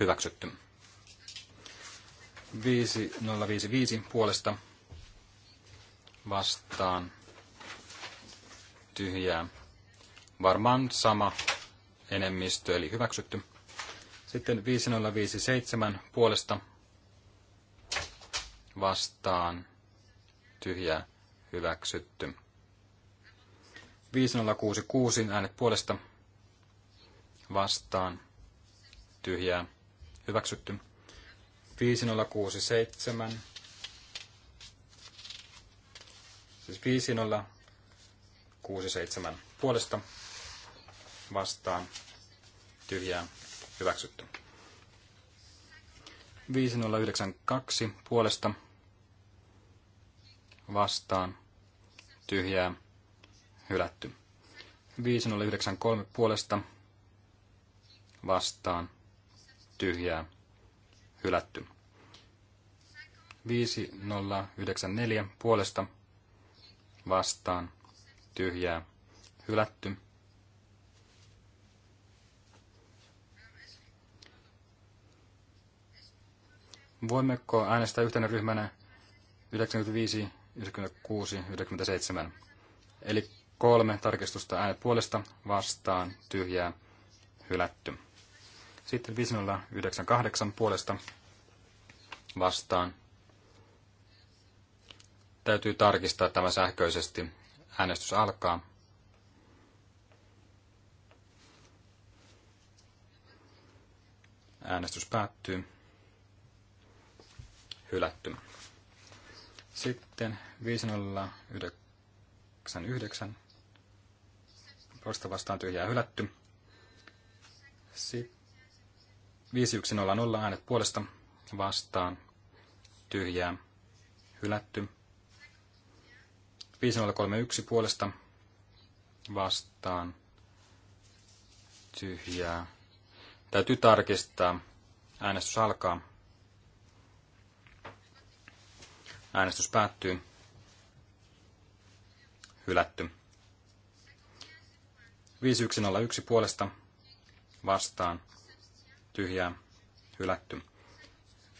Hyväksytty. 5055 puolesta vastaan tyhjää. Varmaan sama enemmistö, eli hyväksytty. Sitten 5057 puolesta vastaan tyhjää hyväksytty. 5066 äänet puolesta vastaan tyhjää hyväksytty. 5067, siis 5067 puolesta vastaan tyhjää hyväksytty. 5092 puolesta vastaan tyhjää hylätty. 5093 puolesta vastaan tyhjää hylätty. 5094 puolesta vastaan tyhjää hylätty. Voimmeko äänestää yhtenä ryhmänä 95, 96, 97? Eli kolme tarkistusta äänet puolesta vastaan tyhjää hylätty. Sitten 5098 puolesta vastaan. Täytyy tarkistaa tämä sähköisesti. Äänestys alkaa. Äänestys päättyy. Hylätty. Sitten 5099. Posta vastaan tyhjää hylätty. Sitten 5100 äänet puolesta vastaan tyhjää hylätty. 5031 puolesta vastaan tyhjää. Täytyy tarkistaa. Äänestys alkaa. Äänestys päättyy. Hylätty. 5101 puolesta vastaan tyhjää hylätty.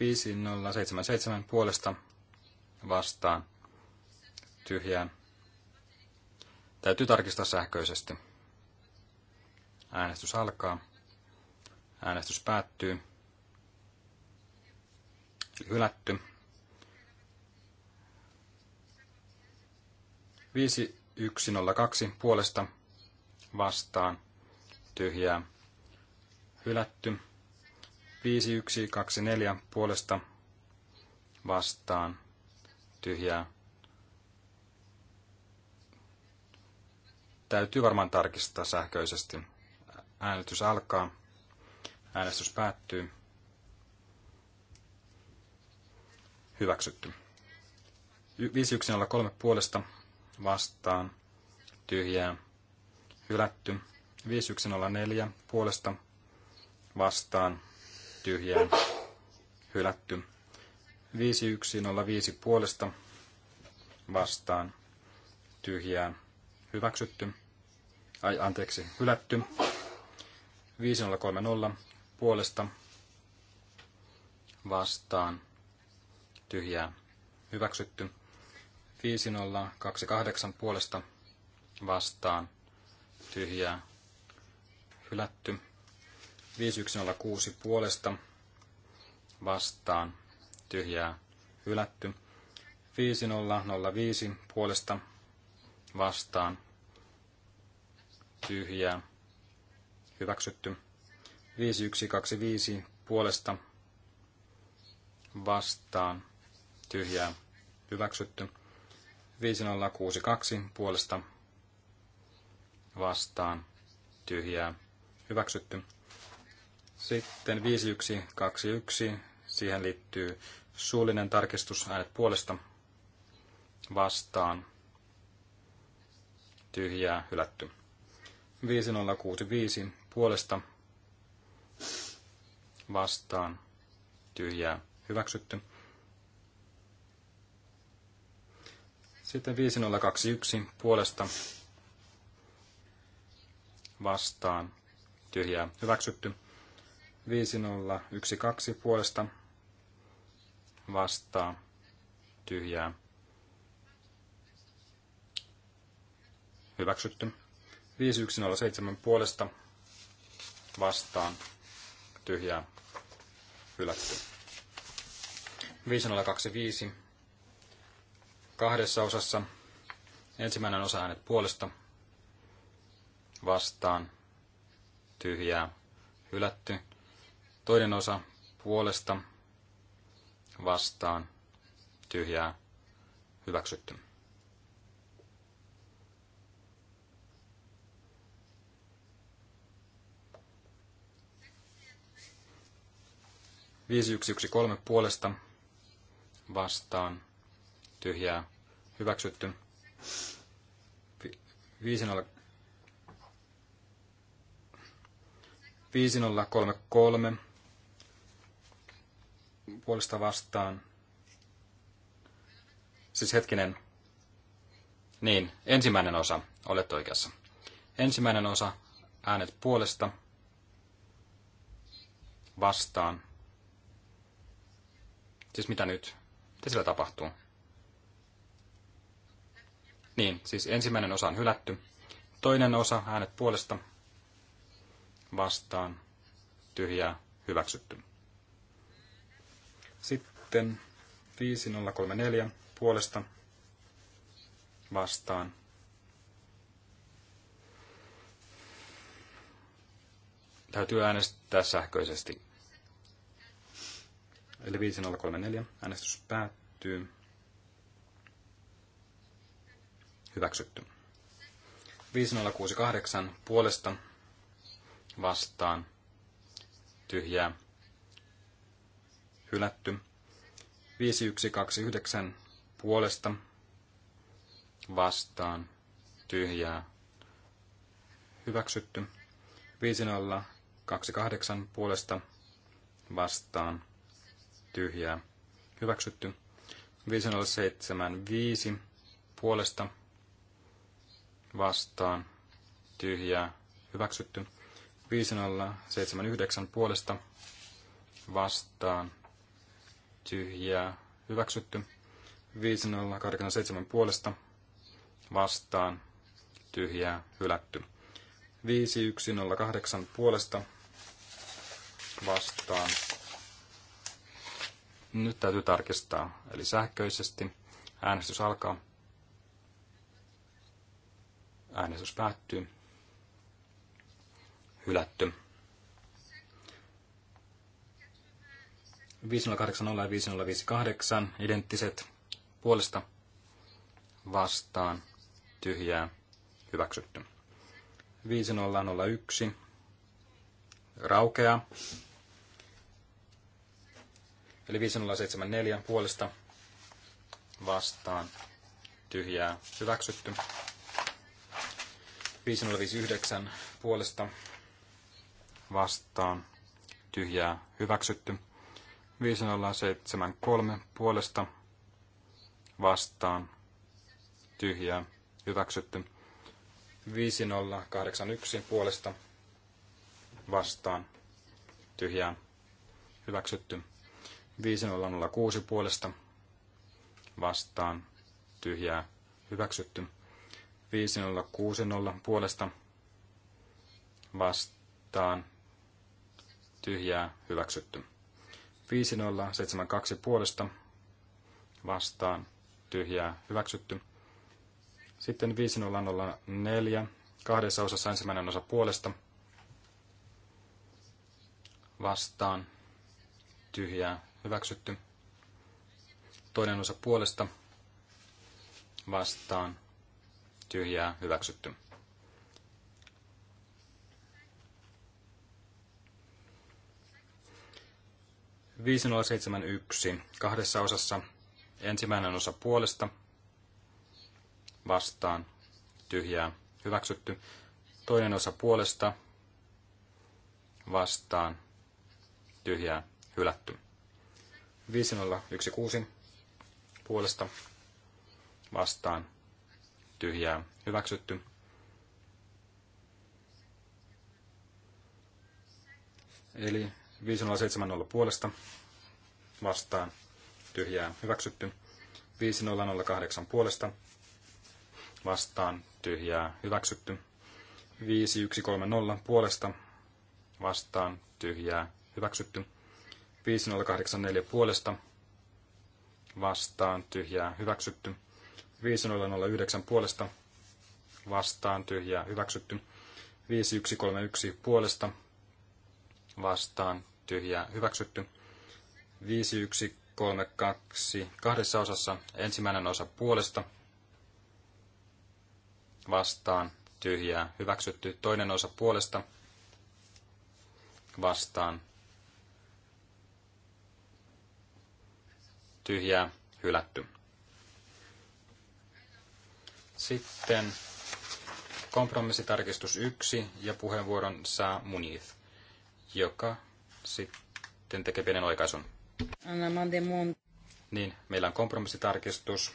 5077 puolesta vastaan tyhjää. Täytyy tarkistaa sähköisesti. Äänestys alkaa. Äänestys päättyy. hylätty. 5102 puolesta vastaan tyhjää hylätty. 5124 puolesta vastaan tyhjää. Täytyy varmaan tarkistaa sähköisesti. Äänestys alkaa. Äänestys päättyy. Hyväksytty. 5103 puolesta vastaan tyhjää. Hylätty. 5104 puolesta vastaan tyhjään hylätty. 5105 puolesta vastaan tyhjään hyväksytty. Ai anteeksi, hylätty. 5030 puolesta vastaan tyhjää hyväksytty. 5028 puolesta vastaan tyhjää hylätty. 5106 puolesta vastaan tyhjää hylätty. 5005 puolesta vastaan tyhjää hyväksytty. 5125 puolesta vastaan tyhjää hyväksytty. 5062 puolesta vastaan tyhjää hyväksytty. Sitten 5121, siihen liittyy suullinen tarkistus, äänet puolesta vastaan, tyhjää, hylätty. 5065 puolesta vastaan, tyhjää, hyväksytty. Sitten 5021 puolesta vastaan, tyhjää, hyväksytty. 5012 puolesta vastaa tyhjää. Hyväksytty. 5107 puolesta vastaan tyhjää hylätty. 5025 kahdessa osassa ensimmäinen osa äänet puolesta vastaan tyhjää hylätty Toinen osa puolesta vastaan tyhjää hyväksytty. Viisi yksi yksi kolme puolesta vastaan tyhjää hyväksytty. Viisi nolla kolme kolme puolesta vastaan. Siis hetkinen. Niin, ensimmäinen osa. Olet oikeassa. Ensimmäinen osa. Äänet puolesta. Vastaan. Siis mitä nyt? Mitä sillä tapahtuu? Niin, siis ensimmäinen osa on hylätty. Toinen osa, äänet puolesta, vastaan, tyhjää, hyväksytty. Sitten 5034 puolesta vastaan. Täytyy äänestää sähköisesti. Eli 5034 äänestys päättyy. Hyväksytty. 5068 puolesta vastaan tyhjää hylätty. 5129 puolesta vastaan tyhjää hyväksytty. 5028 puolesta vastaan tyhjää hyväksytty. 5075 puolesta vastaan tyhjää hyväksytty. 5079 puolesta vastaan tyhjää hyväksytty. 5087 puolesta vastaan tyhjää hylätty. 5108 puolesta vastaan. Nyt täytyy tarkistaa, eli sähköisesti. Äänestys alkaa. Äänestys päättyy. Hylätty. 5080 ja 5058 identtiset puolesta vastaan tyhjää hyväksytty. 5001 raukea, Eli 5074 puolesta vastaan tyhjää hyväksytty. 5059 puolesta vastaan tyhjää hyväksytty. 5073 puolesta vastaan tyhjää hyväksytty. 5081 puolesta vastaan tyhjää hyväksytty. 5006 puolesta vastaan tyhjää hyväksytty. 5060 puolesta vastaan tyhjää hyväksytty. 5072 puolesta vastaan tyhjää hyväksytty. Sitten 5004 kahdessa osassa ensimmäinen osa puolesta vastaan tyhjää hyväksytty. Toinen osa puolesta vastaan tyhjää hyväksytty. 5071 kahdessa osassa. Ensimmäinen osa puolesta vastaan tyhjää hyväksytty. Toinen osa puolesta vastaan tyhjää hylätty. 5016 puolesta vastaan tyhjää hyväksytty. Eli 5070 puolesta vastaan tyhjää hyväksytty. 5008 puolesta vastaan tyhjää hyväksytty. 5130 puolesta vastaan tyhjää hyväksytty. 5084 puolesta vastaan tyhjää hyväksytty. 5009 puolesta vastaan tyhjää hyväksytty. 5131 puolesta vastaan tyhjää hyväksytty. 5132 kahdessa osassa ensimmäinen osa puolesta vastaan tyhjää hyväksytty. Toinen osa puolesta vastaan tyhjää hylätty. Sitten kompromissitarkistus 1 ja puheenvuoron saa Munith joka sitten tekee pienen oikaisun. Niin, meillä on kompromissitarkistus,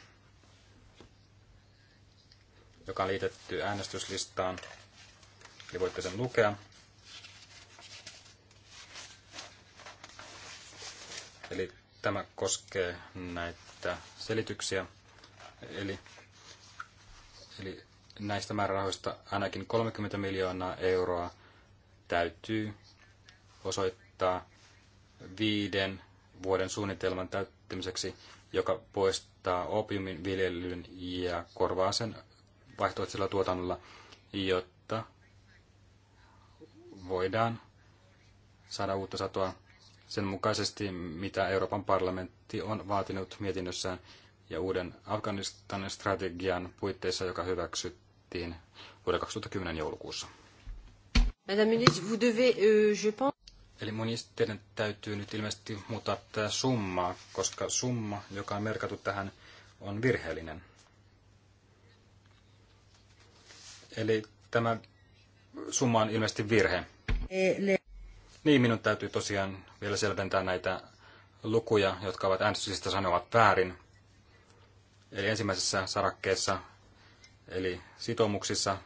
joka on liitetty äänestyslistaan. Eli voitte sen lukea. Eli tämä koskee näitä selityksiä. Eli, eli näistä määrärahoista ainakin 30 miljoonaa euroa täytyy osoittaa viiden vuoden suunnitelman täyttämiseksi, joka poistaa opiumin viljelyn ja korvaa sen vaihtoehtoisella tuotannolla, jotta voidaan saada uutta satoa sen mukaisesti, mitä Euroopan parlamentti on vaatinut mietinnössään ja uuden Afganistanin strategian puitteissa, joka hyväksyttiin vuoden 2010 joulukuussa. Madame vous devez, euh, je pense... Eli mun teidän täytyy nyt ilmeisesti muuttaa tämä summaa, koska summa, joka on merkattu tähän, on virheellinen. Eli tämä summa on ilmeisesti virhe. Niin, minun täytyy tosiaan vielä selventää näitä lukuja, jotka ovat äänestysistä sanovat väärin. Eli ensimmäisessä sarakkeessa, eli sitoumuksissa,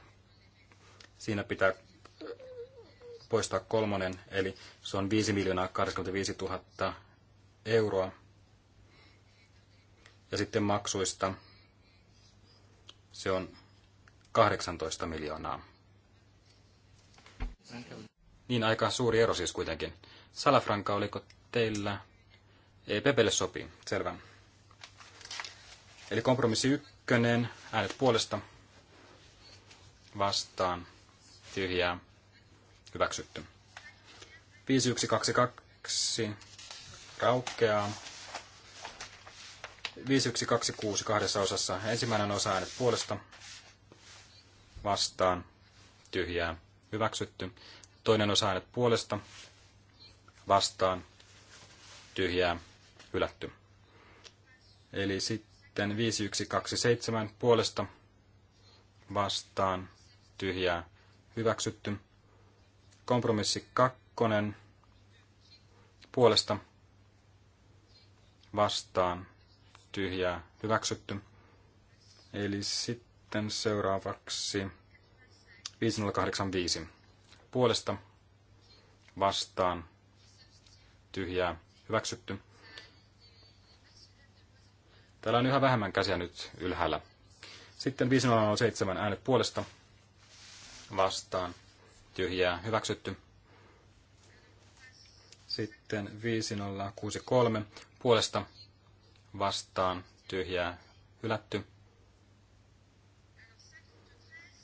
siinä pitää poistaa kolmonen, eli se on 5 miljoonaa 85 000 euroa. Ja sitten maksuista se on 18 miljoonaa. Niin aika suuri ero siis kuitenkin. Salafranka, oliko teillä? Ei, Pepelle sopii, selvä. Eli kompromissi ykkönen, äänet puolesta, vastaan, tyhjää, Hyväksytty. 5122 raukeaa. 5126 kahdessa osassa. Ensimmäinen osa äänet puolesta vastaan tyhjää hyväksytty. Toinen osa äänet puolesta vastaan tyhjää hylätty. Eli sitten 5127 puolesta vastaan tyhjää hyväksytty. Kompromissi kakkonen puolesta vastaan tyhjää hyväksytty. Eli sitten seuraavaksi 5085 puolesta vastaan tyhjää hyväksytty. Täällä on yhä vähemmän käsiä nyt ylhäällä. Sitten 5007 äänet puolesta vastaan tyhjää hyväksytty. Sitten 5063 puolesta vastaan tyhjää hylätty.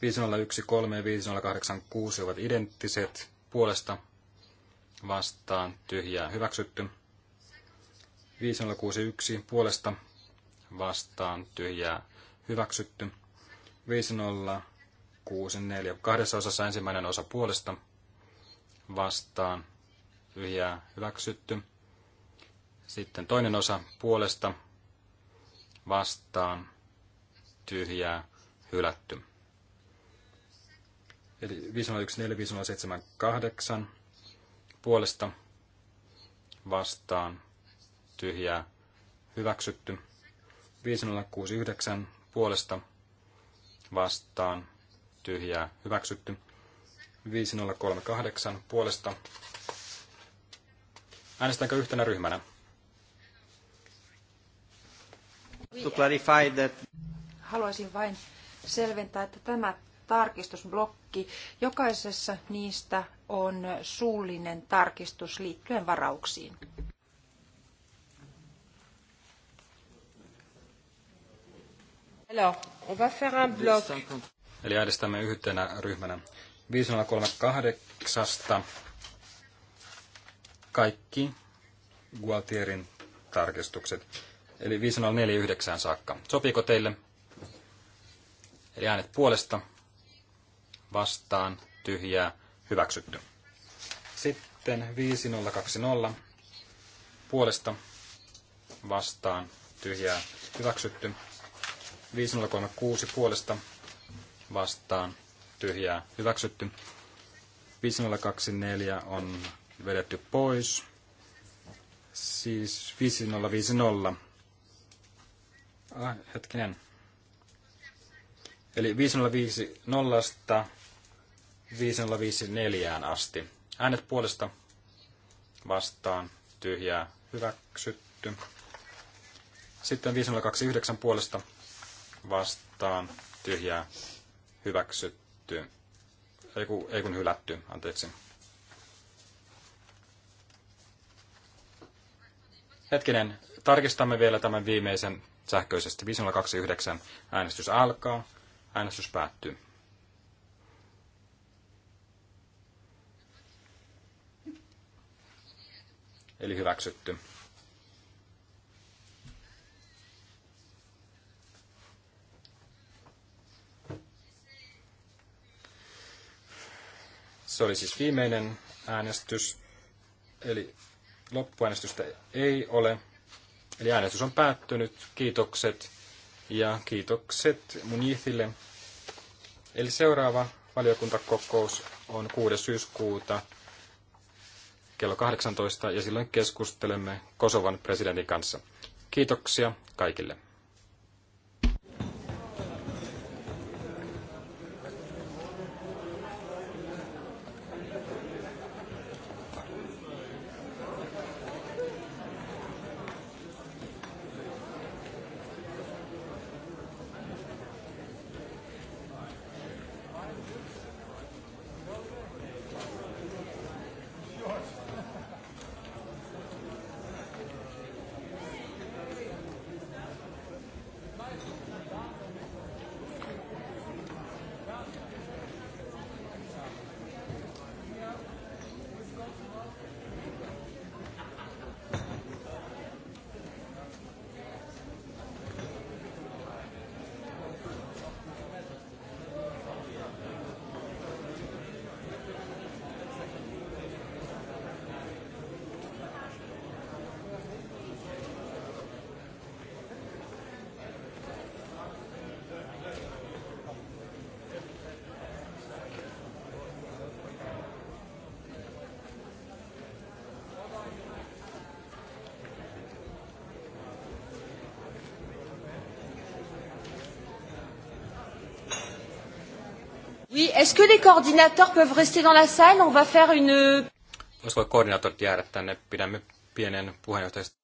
5013 ja 5086 ovat identtiset puolesta vastaan tyhjää hyväksytty. 5061 puolesta vastaan tyhjää hyväksytty. 50 6, 4. Kahdessa osassa ensimmäinen osa puolesta vastaan tyhjää hyväksytty. Sitten toinen osa puolesta vastaan tyhjää hylätty. Eli 501, 4, 507, 8 puolesta vastaan tyhjää hyväksytty. 5069 puolesta vastaan tyhjää hyväksytty. 5038 puolesta. Äänestänkö yhtenä ryhmänä? To clarify that... Haluaisin vain selventää, että tämä tarkistusblokki, jokaisessa niistä on suullinen tarkistus liittyen varauksiin. Alors, on va faire un bloc. Eli äänestämme yhtenä ryhmänä 5038 kaikki Gualtierin tarkistukset. Eli 5049 saakka. Sopiiko teille? Eli äänet puolesta, vastaan, tyhjää, hyväksytty. Sitten 5020 puolesta, vastaan, tyhjää, hyväksytty. 5036 puolesta, vastaan tyhjää hyväksytty. 5024 on vedetty pois. Siis 5050. Ah, hetkinen. Eli 5050 5054 asti. Äänet puolesta vastaan tyhjää hyväksytty. Sitten 5029 puolesta vastaan tyhjää hyväksytty, ei kun, ei kun hylätty, anteeksi. Hetkinen, tarkistamme vielä tämän viimeisen sähköisesti. 5029 äänestys alkaa, äänestys päättyy. Eli hyväksytty. Se oli siis viimeinen äänestys, eli loppuäänestystä ei ole. Eli äänestys on päättynyt. Kiitokset ja kiitokset Munithille. Eli seuraava valiokuntakokous on 6. syyskuuta kello 18 ja silloin keskustelemme Kosovan presidentin kanssa. Kiitoksia kaikille. Oui, est-ce que les coordinateurs peuvent rester dans la salle? On va faire une... Voisiko koordinaatorit jäädä tänne? Pidämme pienen puheenjohtajista